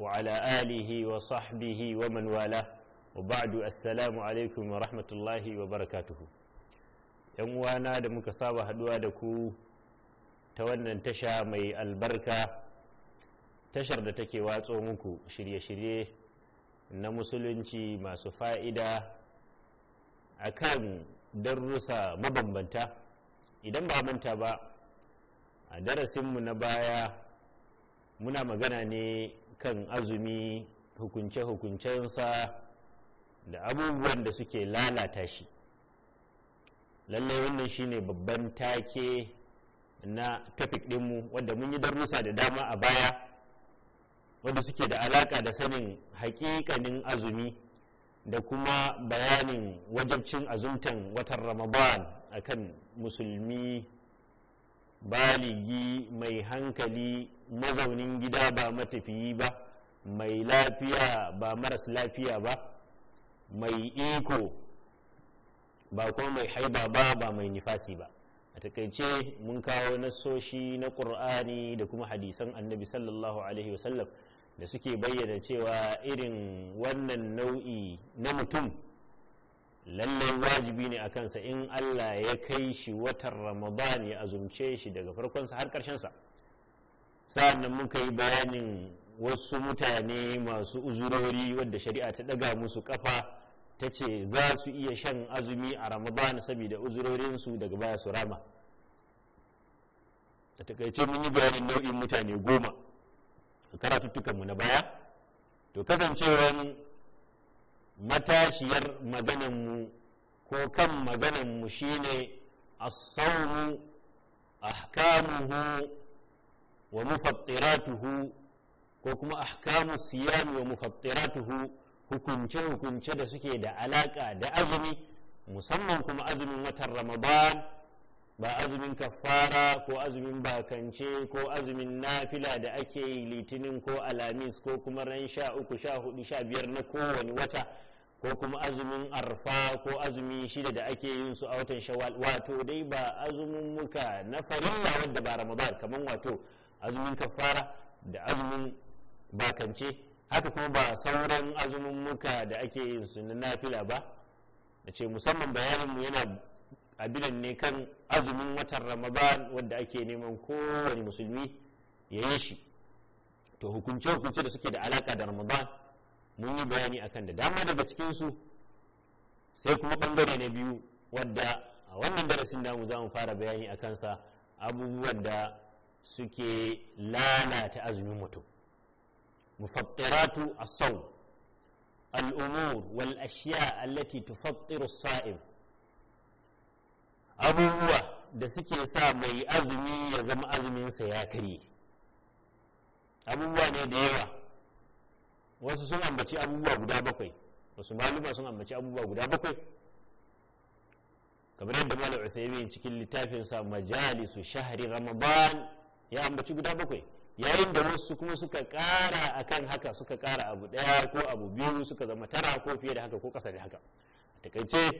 وعلى wa وصحبه wa والاه وبعد السلام wa ورحمة wa barakatu ‘yan uwana da muka saba haduwa da ku ta wannan tasha mai albarka tashar da take watso muku shirye-shirye na musulunci masu fa'ida a kan darussa mabambanta idan ba manta ba a darasinmu na baya muna magana ne kan azumi hukunce-hukuncensa da abubuwan da suke lalata shi lallai wannan shine babban take na topic dinmu wanda mun yi darussa da dama a baya wanda suke da alaka da sanin hakikanin azumi da kuma bayanin wajabcin azumtan watan ramadan akan musulmi baligi mai hankali mazaunin gida ba matafiyi ba mai lafiya ba maras lafiya ba mai iko ba kuma mai haiba ba ba mai nifasi ba a takaice mun kawo nassoshi na ƙur'ani da kuma hadisan annabi sallallahu alaihi wasallam da suke bayyana cewa irin wannan nau'i na mutum lallai wajibi ne a kansa in allah ya kai shi watan ramadan ya azumce shi daga farkonsa har ƙarshensa sa'an nan muka yi bayanin wasu mutane masu uzurori wadda shari'a ta daga musu kafa ta ce za su iya shan azumi a ramadan saboda uzurorinsu daga baya su rama a takaice mun yi bayanin nau'in mutane goma a karatuttukanmu na baya to kasancewar matashiyar maganarmu ko kan maganarmu shine sauru a ahkamuhu wa mufattiratuhu ko kuma ahkamu siyam wa mufattiratuhu hukunce-hukunce da suke da alaƙa da azumi musamman kuma azumin watan ramadan ba azumin kafara ko azumin bakance ko azumin nafila da ake yi litinin ko alamis ko kuma ran sha uku sha hudu sha biyar na kowane wata ko kuma azumin arfa ko azumi shida da ake yin su a watan shawal wato dai ba azumin muka na farilla wanda ba ramadan kamar wato azumin kafara da azumin bakance haka kuma ba sauran azumin muka da ake yin su na nafila ba na ce musamman bayaninmu yana abinan ne kan azumin watan ramadan wanda ake neman kowane musulmi ya yi shi to hukunce-hukunce da suke da alaka da ramadan mun yi bayani akan da dama daga cikinsu sai kuma bangare na biyu wadda a wannan darasin damu za mu fara bayani a kansa abubuwan da suke lalata azumin mutum mufattiratu asau al’umur wal ashiya allati tufattiru saim abubuwa da suke sa mai azumi ya zama azuminsa ya karye abubuwa ne da yawa wasu sun ambaci abubuwa guda bakwai wasu maluma sun ambaci abubuwa guda bakwai kamar yadda malam Uthaymin cikin littafinsa majalisu shahri ramadan ya ambaci guda bakwai yayin da wasu kuma suka kara akan haka suka kara abu daya ko abu biyu suka zama tara ko fiye da haka ko kasa da haka takaice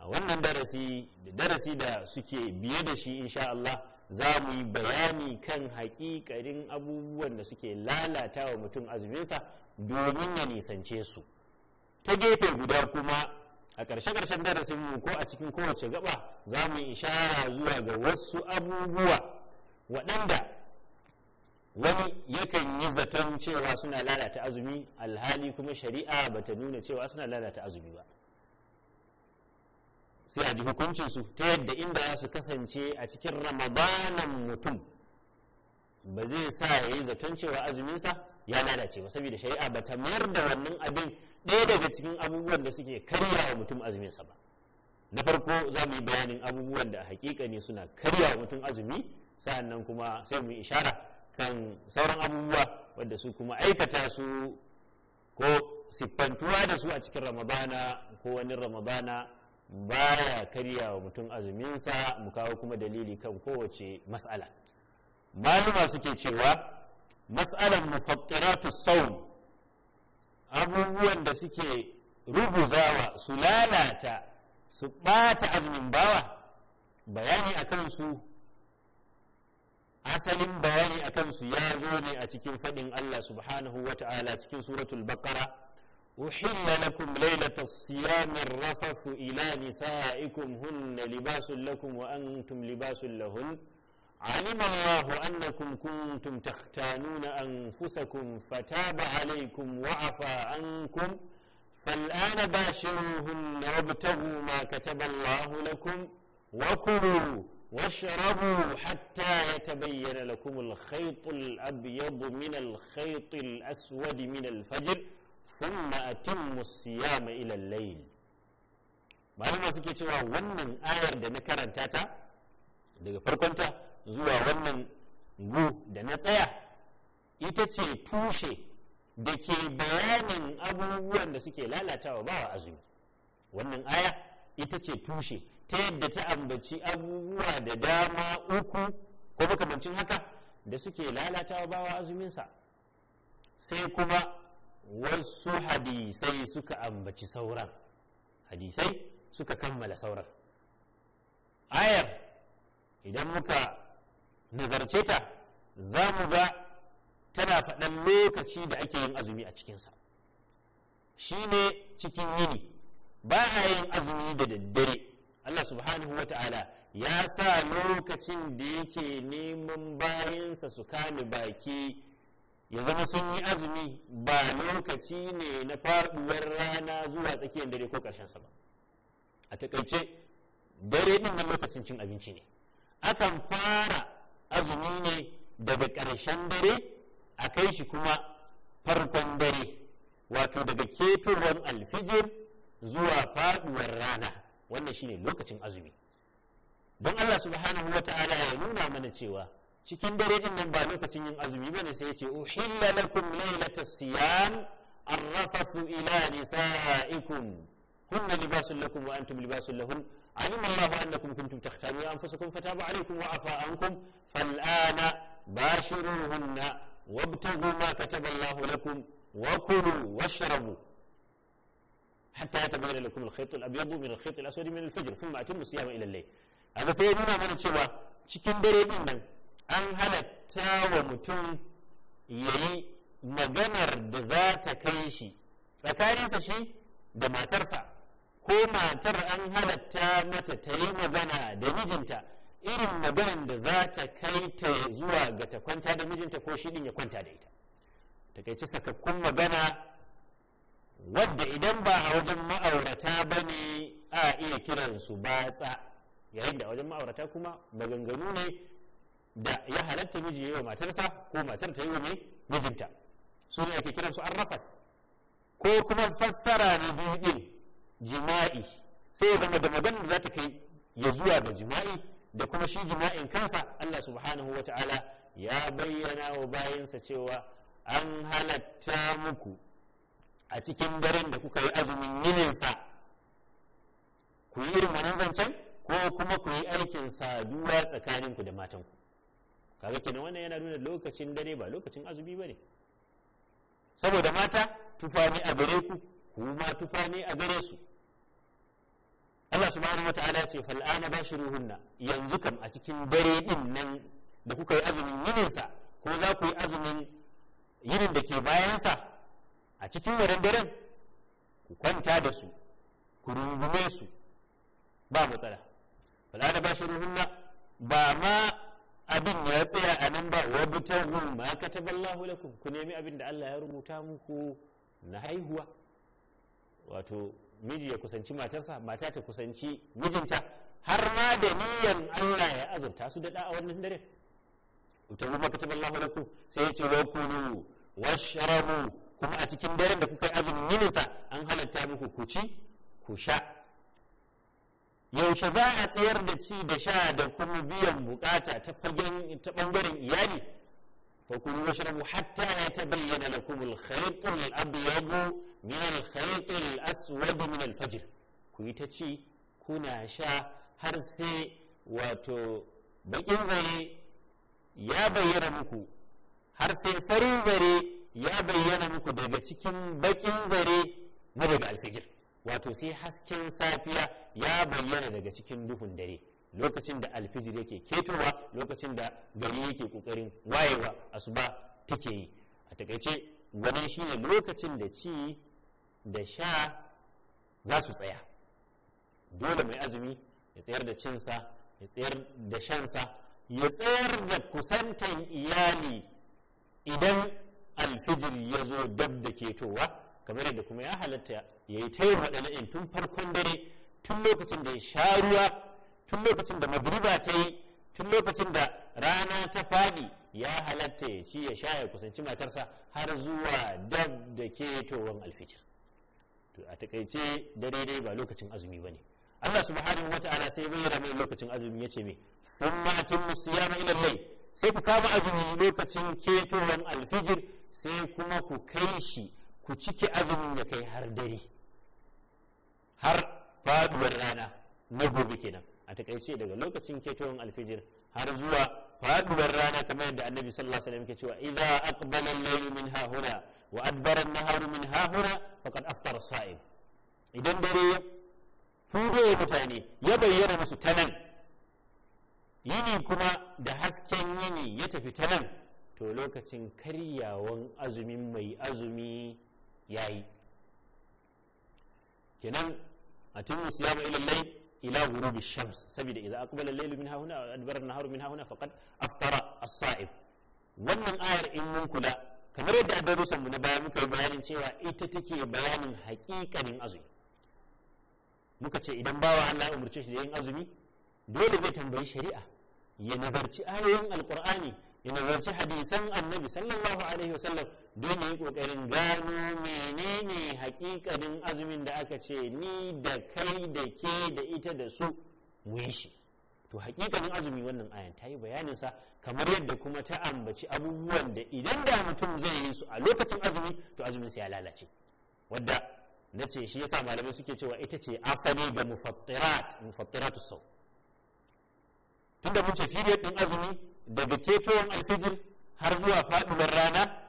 a wannan darasi da darasi da suke biye da shi insha Allah za mu yi bayani kan hakikarin abubuwan da suke lalata wa mutum azuminsa domin ya nisance su ta gefe guda kuma a ƙarshe-ƙarshen darasin mu ko a cikin kowace gaba za mu ishara zuwa ga wasu abubuwa waɗanda wani yakan yi zaton cewa suna lalata azumi alhali kuma shari'a ba ta nuna cewa suna lalata azumi ba sai a ji hukuncinsu ta yadda inda za su kasance a cikin ramadanan mutum ba zai sa ya yi zaton cewa azuminsa ya lalace ba saboda shari'a ba ta mayar da wannan abin ɗaya daga cikin abubuwan da suke karya wa mutum azuminsa ba na farko za mu yi bayanin abubuwan da hakika ne suna karya wa mutum azumi nan kuma sai mu ishara kan sauran abubuwa wadda su kuma aikata su ko siffantuwa da su a cikin ramadana ko wani ramadana baya karya wa mutum azuminsa mu kawo kuma dalili kan kowace mas'ala maluma suke cewa mas'alan mufaqqiratu sawm abubuwan da suke ruguzawa su lalata su ɓata azumin bawa bayani a kansu asalin bayani a kansu ya zo ne a cikin faɗin Allah subhanahu wa ta'ala cikin suratul baqara uhilla lakum laylata siyami rafafu ila nisaikum hunna libasun lakum wa antum libasun lahun علم الله أنكم كنتم تختانون أنفسكم فتاب عليكم وعفى عنكم فالآن باشروهن وابتغوا ما كتب الله لكم وكلوا rabu hatta واشربوا حتى يتبين لكم الخيط الأبيض من الخيط الأسود من الفجر ثم أتموا الصيام إلى الليل malama suke cewa wannan ayar da na karanta ta daga farkonta zuwa wannan gu da na tsaya ita ce tushe da ke bayanin abubuwan da suke lalatawa bawa azumi wannan aya ita ce tushe ta yadda ta ambaci abubuwa da dama uku ko makamancin haka da suke lalata bawa azuminsa sai kuma wasu hadisai suka ambaci sauran hadisai suka kammala sauran ayar idan muka nazarce ta za mu ga tana faɗan lokaci da ake yin azumi a cikinsa shi ne cikin yini ba a yin azumi da daddare Allah subhanahu wa ta'ala ya sa lokacin da yake neman bayansa su kame baki ya zama sun yi azumi ba lokaci ne na faduwar rana zuwa tsakiyar dare ko karshen sa ba a takaice dare din nan lokacin cin abinci ne akan fara azumi ne daga ƙarshen dare a kai shi kuma farkon dare wato daga ketowar alfijir zuwa faɗuwar rana wannan shine lokacin azumi don Allah subhanahu wa ta'ala ya nuna mana cewa cikin dare din nan ba lokacin yin azumi bane sai ya ce uhilla lakum laylatas siyam arrafathu ila nisaikum hunna libasun lakum wa antum libasun lahun علم الله أنكم كنتم تختانون أنفسكم فتاب عليكم وعفى عنكم فالآن باشروهن وابتغوا ما كتب الله لكم وكلوا واشربوا hatta ya tabayyana lakum al-khayt al-abyad min al-khayt al-aswad min al-fajr thumma atimmu siyama nuna mana cewa cikin dare din nan an halatta wa mutum yayi maganar da za ta kai shi tsakaninsa shi da matarsa ko matar an halatta mata ta yi magana da mijinta irin maganar da za ta kai ta zuwa ga ta kwanta da mijinta ko shi din ya kwanta da ita takaice sakakkun magana wadda idan ba a wajen ma'aurata ba ne a iya kiransu batsa yayin da a wajen ma'aurata kuma maganganu ne da ya halatta miji yi wa matarsa ko matar ta yi wa mijinta su ne ake kiransu an rafas ko kuma fassara na biyu din jima'i sai ya zama da maganar da za ta kai ya zuwa ga jima'i da kuma shi jima'in kansa Allah subhanahu wa ta'ala ya bayyana wa bayansa cewa an halatta muku a cikin daren da kuka yi azumin yininsa ku yi irin wannan zancen ko kuma ku yi aikin saduwa tsakaninku da matanku kaga kenan wannan yana nuna lokacin dare ba lokacin azumi ba ne saboda mata tufa ne a gare ku kuma tufa ne a gare su Allah subhanahu wataala ce fal'ana bashiruhunna yanzu kam a cikin dare din nan da kuka yi azumin yininsa ko za ku yi azumin yinin da ke bayansa a cikin wurin daren ku kwanta da su ku rungume su ba matsala fala da bashi ruhunna ba ma abin ya tsaya a nan ba wa butahun ma kataballahu lakum ku nemi abin da Allah ya rubuta muku na haihuwa wato miji ya kusanci matarsa mata ta kusanci mijinta har ma da niyyar Allah ya azurta su da a wannan dare utabu ma kataballahu lakum sai ya ce wa kunu washrabu kuma a cikin daren da kuka yi azumin yininsa an halatta muku ku ci ku sha yaushe za a tsayar da ci da sha da kuma biyan bukata ta fagen ta bangaren iyali fakulu washrabu hatta ya ta bayyana al-khayt al-abyad min al-khayt min al ku yi ta ci kuna sha har sai wato bakin zare ya bayyana muku har sai farin zare ya bayyana muku daga cikin bakin zare na daga alfijir wato sai hasken safiya ya bayyana daga cikin duhun dare lokacin da alfijir yake ketowa lokacin da gari yake kokarin wayewa asuba take yi a takaice wannan shine lokacin da ci da sha za su tsaya dole mai azumi ya tsayar da cinsa ya tsayar da shansa ya tsayar da kusantan iyali idan Alfijir ya zo dab da ketowa kamar yadda kuma ya halatta ya yi ta yin na'in tun farkon dare tun lokacin da ya sha ruwa tun lokacin da madriba ta yi tun lokacin da rana ta faɗi ya halatta ya ci ya sha ya kusanci matarsa har zuwa dab da towan alfijir to a takaice dare dai ba lokacin azumi ba ne Allah subhanahu wa ta'ala sai bayyana mai lokacin azumi ya ce me sunnatin tumu siyama ila layl sai ku kama azumi lokacin ketowar alfijir sai kuma ku kai shi ku cike azumin ya kai har dare har faduwar rana na gobe kenan a takaice daga lokacin ketowar alfijir har zuwa faduwar rana kamar yadda annabi sallallahu alaihi wasallam ke cewa idza aqbala al-layl min hahuna wa adbara an-nahar min hahuna faqad aftara saim idan dare fudo mutane ya bayyana musu tanan yini kuma da hasken yini ya tafi tanan to lokacin karyawan azumin mai azumi ya yi kenan a tun ya bai ilallai ila gurubi shams saboda idan aqbala al min hauna wa adbara an min hauna faqad aftara as saib wannan ayar in mun kula kamar yadda darusan mu na baya muka yi bayanin cewa ita take bayanin haƙiƙanin azumi muka ce idan bawa Allah ya umurce shi da yin azumi dole zai tambayi shari'a ya nazarci ayoyin alqur'ani ya nazarci hadisan annabi sallallahu alaihi wasallam don yi kokarin gano menene hakikanin azumin da aka ce ni da kai da ke da ita da su mu yi shi to hakikanin azumi wannan ayan ta yi bayanin sa kamar yadda kuma ta ambaci abubuwan da idan da mutum zai yi su a lokacin azumi to azumin sa ya lalace wadda na ce shi yasa malamai suke cewa ita ce asali ga mufattirat mufattiratus sau tunda mun ce period din azumi daga ketowar alfijir har zuwa faɗuwar rana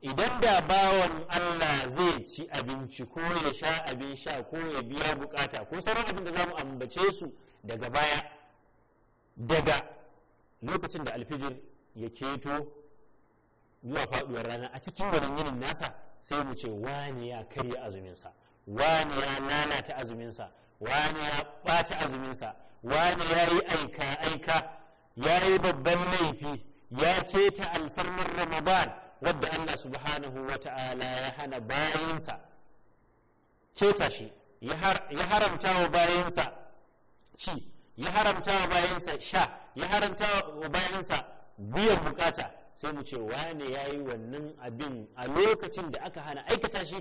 idan da bawan Allah zai ci abinci ko ya sha abin sha ko ya biya bukata ko sauran abin da za mu ambace su daga baya daga lokacin da alfijir ya keto zuwa faɗuwar rana a cikin wannan yinin nasa sai mu ce wani ya karya azuminsa wani ya lalata azuminsa wani ya ɓata azuminsa wani ya yi aika aika ya yi babban laifi ya keta alfarmar ramadan wadda allah subhanahu wa ta'ala ya hana bayansa keta shi ya haramta wa bayansa ci ya haramta wa bayansa sha ya haramta wa bayansa biyan bukata sai mu ce wane ya yi wannan abin a lokacin da aka hana aikata shi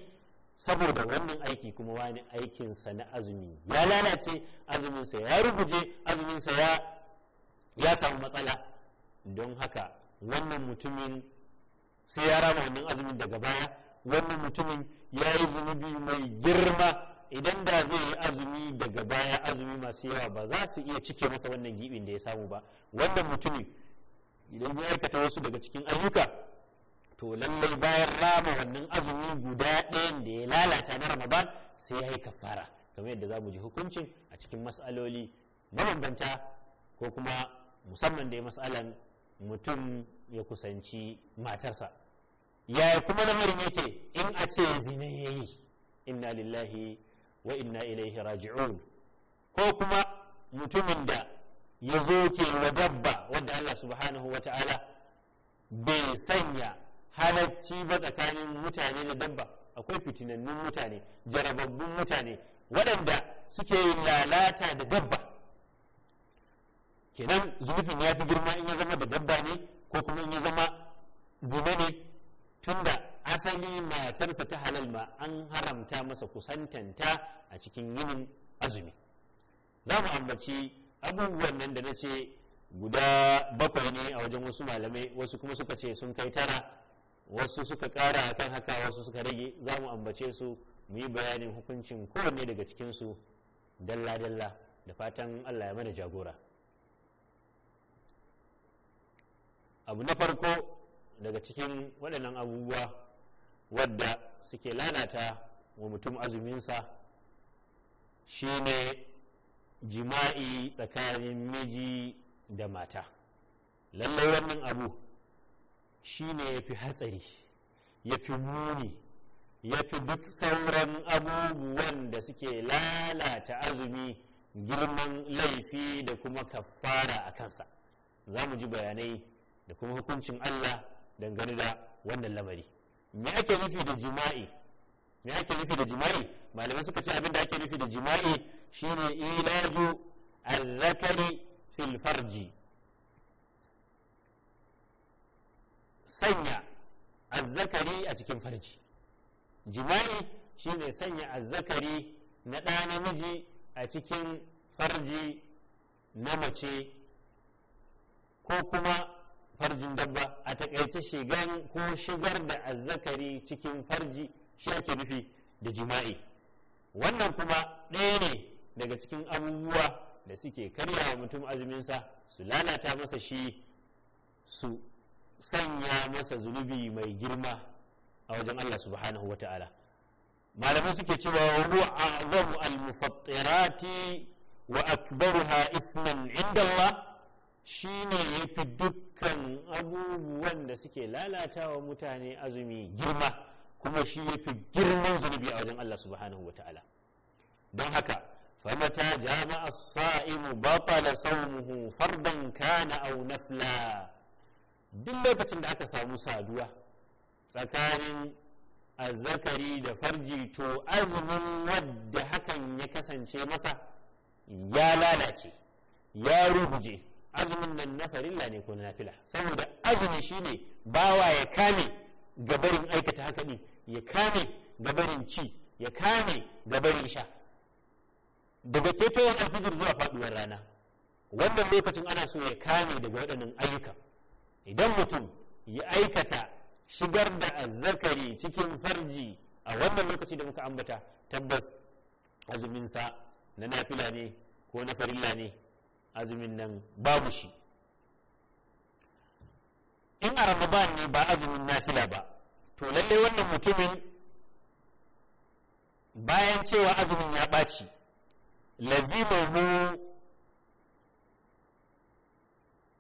saboda wannan aiki kuma wani aikinsa na azumi ya lalace azuminsa ya ruguje azuminsa ya ya samu matsala don haka wannan mutumin sai ya rama wannan azumin daga baya wannan mutumin ya yi zunubi mai girma idan da zai yi azumi daga baya azumi masu yawa ba za su iya cike masa wannan gibin da ya samu ba wannan mutumin idan ya aikata wasu daga cikin ayyuka to lallai bayan rama wannan azumi guda ɗayan da ya lalata na ramadan sai ya yi kafara kamar yadda za mu ji hukuncin a cikin matsaloli mabambanta ko kuma musamman da ya matsalan mutum ya kusanci matarsa yaya kuma lamarin yake in a ce zina ya yi inna lillahi wa inna ilaihi raji'un ko kuma mutumin da ya zo ke wa dabba wanda Allah subhanahu wa ta'ala bai sanya halacci ba tsakanin mutane da dabba akwai fitinannun mutane jarababbun mutane waɗanda suke lalata da dabba kenan zunubin ya fi girma in ya zama da dabba ne ko kuma in ya zama zina ne tunda asali matarsa ta halal ma an haramta masa kusantanta a cikin yinin azumi za mu ambaci abubuwan nan da na ce guda bakwai ne a wajen wasu malamai wasu kuma suka ce sun kai tara wasu suka kara kan haka wasu suka rage za mu ambace su mu yi bayanin hukuncin kowanne daga cikinsu dalla-dalla da fatan allah ya mana jagora abu na farko daga cikin waɗannan abubuwa wadda suke lalata wa mutum azuminsa shine jima'i tsakanin miji da mata lallai wannan abu shine ya fi hatsari ya fi muni ya fi duk sauran abubuwan da suke lalata azumi girman laifi da kuma kafara a kansa za mu ji bayanai da kuma hukuncin Allah dangane da wannan lamari me ake nufi da jima'i me ake nufi da jima'i malamai suka ce abin da ake nufi da jima'i shine ilaju al-zakari fil farji sanya az-zakari a cikin farji jima'i shine sanya az-zakari na ɗa namiji a cikin farji na mace ko kuma farjin dabba a takaice shigan ko shigar da azzakari cikin farji shi ake nufi da jima'i wannan kuma ɗaya ne daga cikin abubuwa da suke karya wa mutum azuminsa su lalata masa shi su sanya masa zunubi mai girma a wajen Allah subhanahu wa ta'ala malamai suke cewa huwa a al wa akbaruha ithman inda Allah shi ne ya fi dukkan abubuwan da suke lalata wa mutane azumi girma kuma shi ya fi girman zunubi a wajen Allah subhanahu wa ta'ala don haka famata jama'a sa'imu batala saumuhu fardan kana au nafla duk lokacin da aka samu saduwa tsakanin azzakari da farji to azumin wadda hakan ya kasance masa ya lalace ya ruguje azumin nan na farilla ne ko na nafila saboda azumi shine bawa ya kame gabarin aikata haka ne ya kame gabarin ci ya kame gabarin sha daga ketowar alfijir zuwa faɗuwar rana wannan lokacin ana so ya kame daga waɗannan ayyuka idan mutum ya aikata shigar da azzakari cikin farji a wannan lokaci da muka ambata tabbas azuminsa na nafila ne ko na farilla ne azumin nan babu shi in a ramadan ne ba azumin nafila ba to lallai wannan mutumin bayan cewa azumin ya ɓaci lazimahu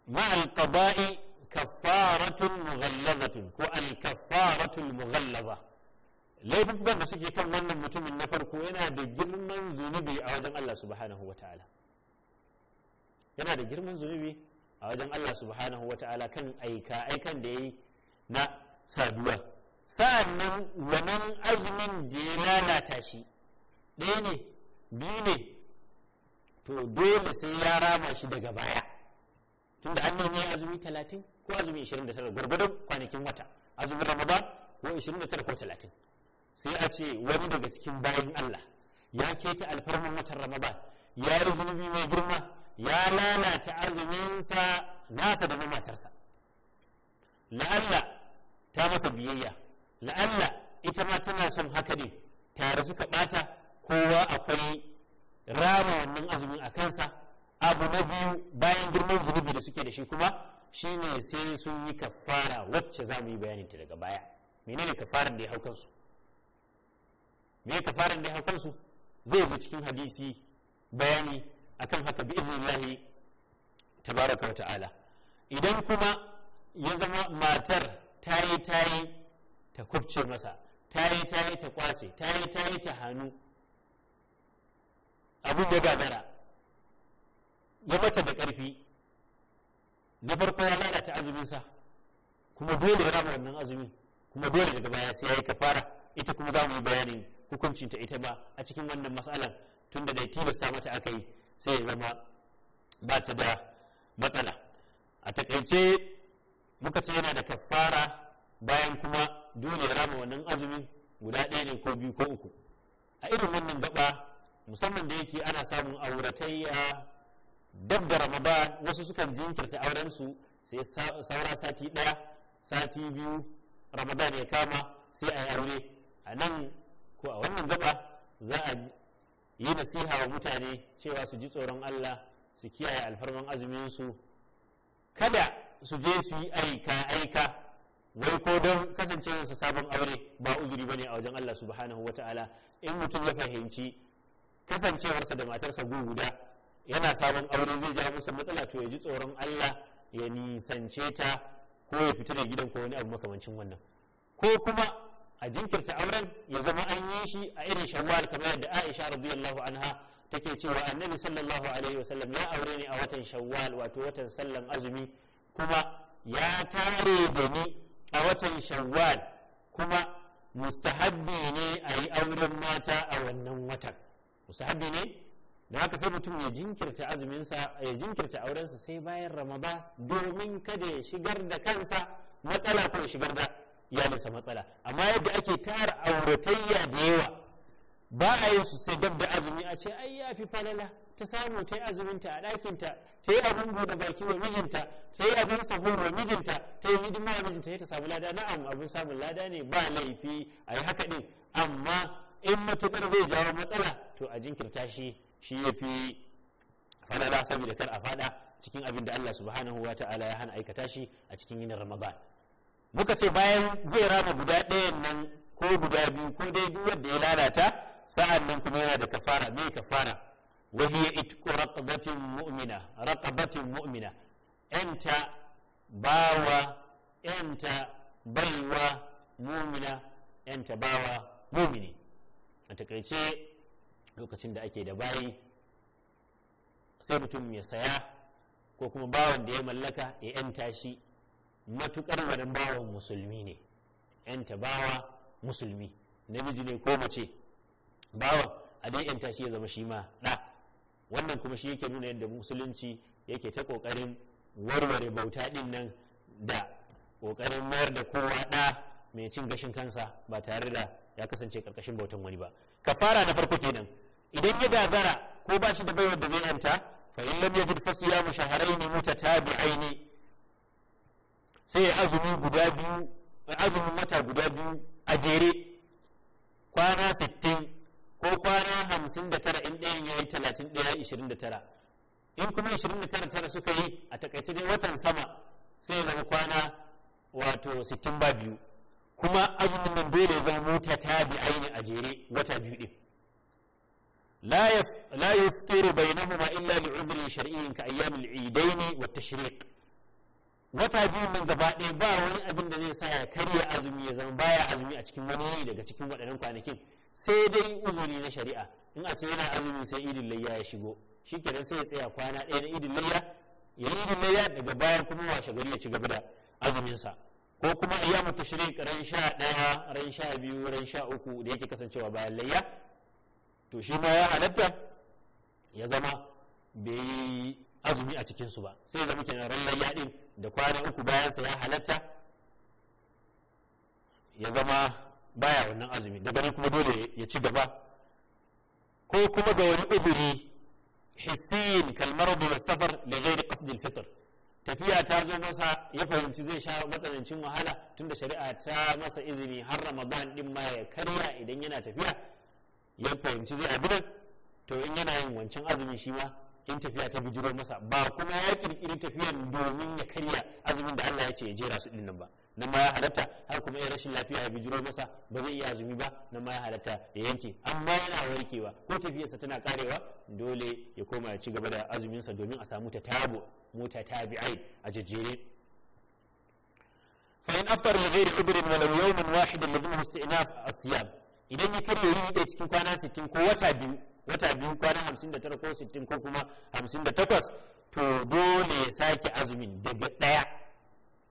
ma'al qada'i kaffaratun mughallazatin ko al kaffaratul mughallaza laifin da suke kan wannan mutumin na farko yana da girman zunubi a wajen Allah subhanahu wataala yana da girman zunubi a wajen Allah subhanahu wa ta'ala kan aika aikan da ya yi na saduwa sa'annan wannan azumin da ya lalata shi ɗaya ne biyu ne to dole sai ya rama shi daga baya tunda an nemi azumi talatin ko azumi 29 gwargwadon kwanakin wata azumin ramadan ko 29 ko talatin sai a ce wani daga cikin bayan Allah ya keta alfarman watan ramadan ya yi zunubi mai girma ya lalata azuminsa nasa da matarsa la'alla ta masa biyayya la'alla ita ma tana son haka ne tare suka bata kowa akwai rama wannan azumin a kansa abu na biyu bayan girman zunubi da suke da shi kuma shine sai sun yi kafara wacce za mu yi bayanin ta daga baya menene kafaran da ya haukansu? kansu me kafaran da ya haukansu? zai zo cikin hadisi bayani akan haka bi iznillahi tabaraka ta'ala idan kuma ya zama matar tayi tayi ta kubce masa tayi tayi ta kwace tayi tayi ta hannu abin da gagara ya mata da karfi na farko ya lalata azuminsa kuma dole ya rama wannan azumin kuma dole daga baya sai ya yi kafara ita kuma za mu yi bayanin hukuncinta ita ba a cikin wannan matsalar tunda da tilasta mata aka yi sai ya zama ba ta da matsala a takaice muka ce yana da kafara bayan kuma dole ya rama wannan azumi guda ɗaya ne ko biyu ko uku a irin wannan gaba musamman da yake ana samun auratayya dab da ramadan wasu sukan jinkirta aurensu sai saura sati ɗaya sati biyu ramadan ya kama sai a yi aure a nan ko a wannan gaba za a yi nasiha wa mutane cewa su ji tsoron Allah su kiyaye alfarman azumin su kada su je su yi aika aika wai ko don kasancewar su sabon aure ba uzuri bane a wajen Allah subhanahu wataala in mutum ya fahimci kasancewarsa da matarsa guguda yana sabon aure zai ja musu matsala to ya ji tsoron Allah ya nisance ta ko ya fita da gidan ko wani abu makamancin wannan ko kuma a jinkirta auren ya zama an yi shi a irin shawwal kamar yadda Aisha radiyallahu anha take cewa annabi sallallahu alaihi wasallam ya aure ni a watan shawwal wato watan sallan azumi kuma ya tare da ni a watan shawwal kuma mustahabbi ne a yi auren mata a wannan watan mustahabbi ne da haka sai mutum ya jinkirta azuminsa ya jinkirta aurensa sai bayan ramadan domin kada ya shigar da kansa matsala ko shigar da Ya iyalinsa matsala amma yadda ake tara auratayya da yawa ba a yin su sai dab da azumi a ce ai ya fi falala ta samu ta yi azuminta a ɗakinta ta yi abin buɗe baki wa mijinta ta yi abin sabon wa mijinta ta yi hidima wa mijinta ya ta samu lada na'am abin samun lada ne ba laifi a yi haka ɗin amma in matuƙar zai jawo matsala to a jinkirta shi shi ya fi falala saboda kar a faɗa cikin abin da Allah subhanahu wa ta'ala ya hana aikata shi a cikin yinin Ramadan muka ce bayan zai rama guda ɗayan nan ko guda biyu ko dai duk wanda ya lalata sa'an nan kuma yana da kafara me kafara wa hiya itqu raqabatin mu'mina raqabatin mu'mina anta bawa anta baiwa mu'mina anta bawa mu'mini a takaice lokacin da ake da bayi sai mutum ya saya ko kuma bawan da ya mallaka ya yanta shi matukar wannan bawan musulmi ne yanta bawa musulmi namiji ne ko mace bawan a dai yanta shi ya zama shi ma ɗa wannan kuma shi yake nuna yadda musulunci yake ta ƙoƙarin warware bauta ɗin nan da ƙoƙarin mayar da kowa ɗa mai cin gashin kansa ba tare da ya kasance ƙarƙashin bautan wani ba kafara na farko kenan idan ya gagara ko ba shi da baiwar da zai yanta fa in lam yajid fasiyamu shahrayn mutatabi'ain sai azumi guda biyu azumin wata guda biyu a jere kwana 60 ko kwana 59 in ɗayan ya yi 31 29 in kuma 29 tara suka yi a takaice dai watan sama sai zama kwana wato 60 ba biyu kuma azumin nan dole zama mota ta bi aini a jere wata biyu din la yuftiru bainahuma illa li udhrin shar'iyyin ka ayyamil idaini wat tashriq wata biyu nan gaba ɗaya ba wani abin da zai sa ya karya azumi ya zama baya azumi a cikin wani daga cikin waɗannan kwanakin sai dai uzuri na shari'a in a ce yana azumi sai idin layya ya shigo shi ke sai ya tsaya kwana ɗaya na idin layya ya yi idin layya daga bayan kuma washe gari ya ci gaba da azuminsa ko kuma a ayyamu shirin ran sha ɗaya ran sha biyu ran sha uku da yake kasancewa bayan layya to shi ma ya halatta ya zama bai azumi a cikin su ba sai zama kenan ranar yaɗin da kwana uku bayan sa ya halatta ya zama baya wannan azumi da gani kuma dole ya ci gaba ko kuma ga wani uzuri hissiyin kalmar da safar da zai da kasdil fitar tafiya ta zo masa ya fahimci zai sha matsanancin wahala tunda shari'a ta masa izini har ramadan din ma ya karya idan yana tafiya ya fahimci zai abu to in yana yin wancan azumi shi ma in tafiya ta bijiro masa ba kuma ya kirkiri tafiyan domin ya karya azumin da Allah ya ce ya jera su dinnan ba nan ma ya halatta har kuma ya rashin lafiya ya bijiro masa ba zai iya azumi ba nan ma ya halatta ya yanke amma yana warkewa ko tafiyarsa tana karewa dole ya koma ya ci gaba da azuminsa domin a samu ta tabo mota ta bi'ai a jejjere فإن أفطر لغير عذر ولو يوم واحد لزمه idan ya إذا يكرر يريد cikin kwana 60 ko wata biyu wata biyu kwana hamsin da tara ko sittin ko kuma hamsin da takwas to dole ya sake azumin daga ɗaya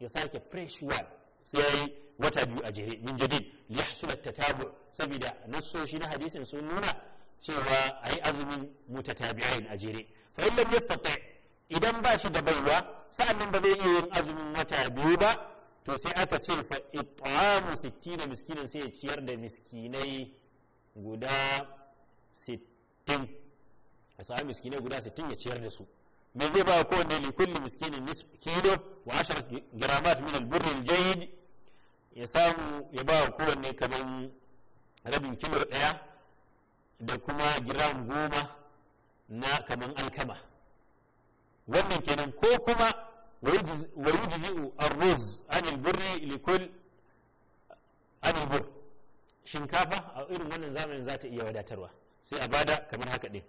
ya sake fresh one sai ya yi wata biyu a jere min jadid liyahsula tatabu saboda nassoshi na hadisin sun nuna cewa a yi azumin mutatabi'ain a jere fa in lam idan ba shi da baiwa sa'annan ba zai iya yin azumin wata biyu ba to sai aka ce fa it'amu 60 miskinan sai ya ciyar da miskinai guda 60 60 a sami miskinai guda sittin ya ciyar da su me zai ba kowanne ne kulli miskinin nisf kilo wa 10 gramat min al-burr al-jayyid ya samu ya ba kowanne kaman rabin kilo daya da kuma gram goma na kaman alkama wannan kenan ko kuma al burr li kull an al burr shinkafa a irin wannan zamanin za ta iya wadatarwa sai a bada kamar haka ɗin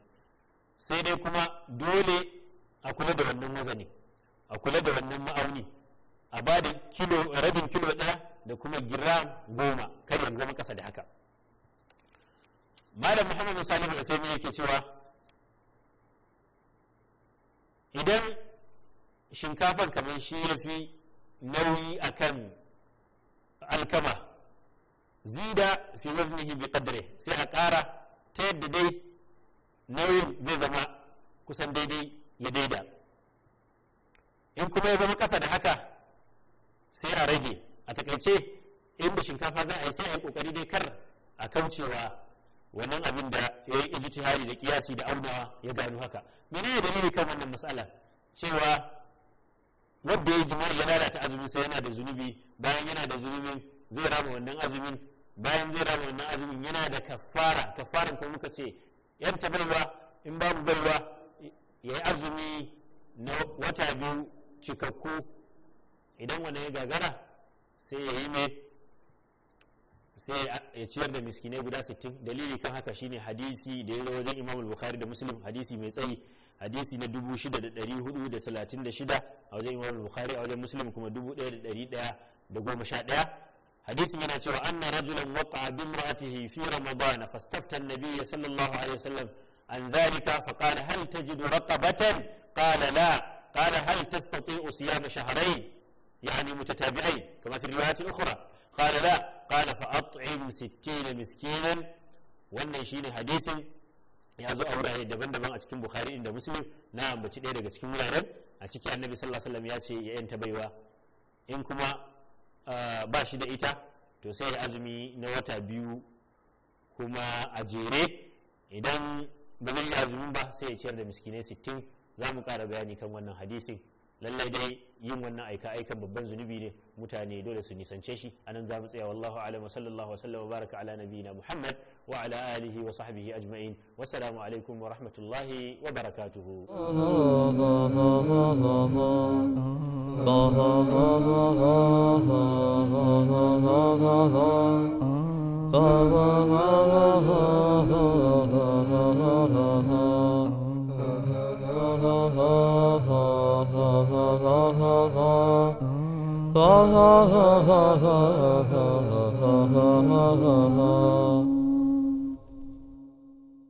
sai dai kuma dole a kula da wannan mazani a kula da wannan ma'auni a bada kilo rabin kilo ɗaya da kuma giram goma kar yanzu zama ƙasa da haka malam muhammadu salihu da sai yake cewa idan shinkafan kamar shi ya fi nauyi kan alkama zida fi wazni bi qadri sai a ƙara ta yadda dai nauyin zai zama kusan daidai ya daida in kuma ya zama ƙasa da haka sai a rage a takaice in da shinkafa za a yi sai a yi ƙoƙari dai kar a kaucewa wannan abin da ya yi hari da kiyasi da aunawa ya gano haka menene dalili kan wannan matsala cewa wanda ya yi jima'i ya lalata azumin sai yana da zunubi bayan yana da zunubin zai rama wannan azumin bayan zai rama wannan azumin yana da kafara kafaran ko muka ce yan ta baiwa in babu baiwa ya yi azumi na wata biyu cikakku idan wani ya gagara sai ya yi mai sai ya ciyar da miskinai guda 60 dalili kan haka shine hadisi da ya wajen imam bukhari da muslim hadisi mai tsayi hadisi na 6436 a wajen imam bukhari a wajen muslim kuma 1111 حديث من أتوا أن رجلا وقع بامرأته في رمضان فاستفتى النبي صلى الله عليه وسلم عن ذلك فقال هل تجد رقبة قال لا قال هل تستطيع صيام شهرين يعني متتابعين كما في الروايات الأخرى قال لا قال فأطعم ستين مسكينا wannan حديث hadisin ya zo a wurare daban-daban a cikin bukhari inda muslim na ambaci ɗaya daga cikin wuraren a ciki annabi sallallahu alaihi wasallam ya ce ya yanta baiwa in kuma Eh, ba shi da ita to sai ya azumi na wata biyu kuma a jere idan ba zai yi azumin ba sai ya ciyar da miskinai sittin za mu ƙara bayani kan wannan hadisin lallai dai yin wannan aika aikan babban zunubi ne mutane dole su nisance shi anan za mu tsaya wallahu a'lam wa sallallahu wa sallam baraka ala nabiyina muhammad وعلى آله وصحبه أجمعين والسلام عليكم ورحمة الله وبركاته Oh,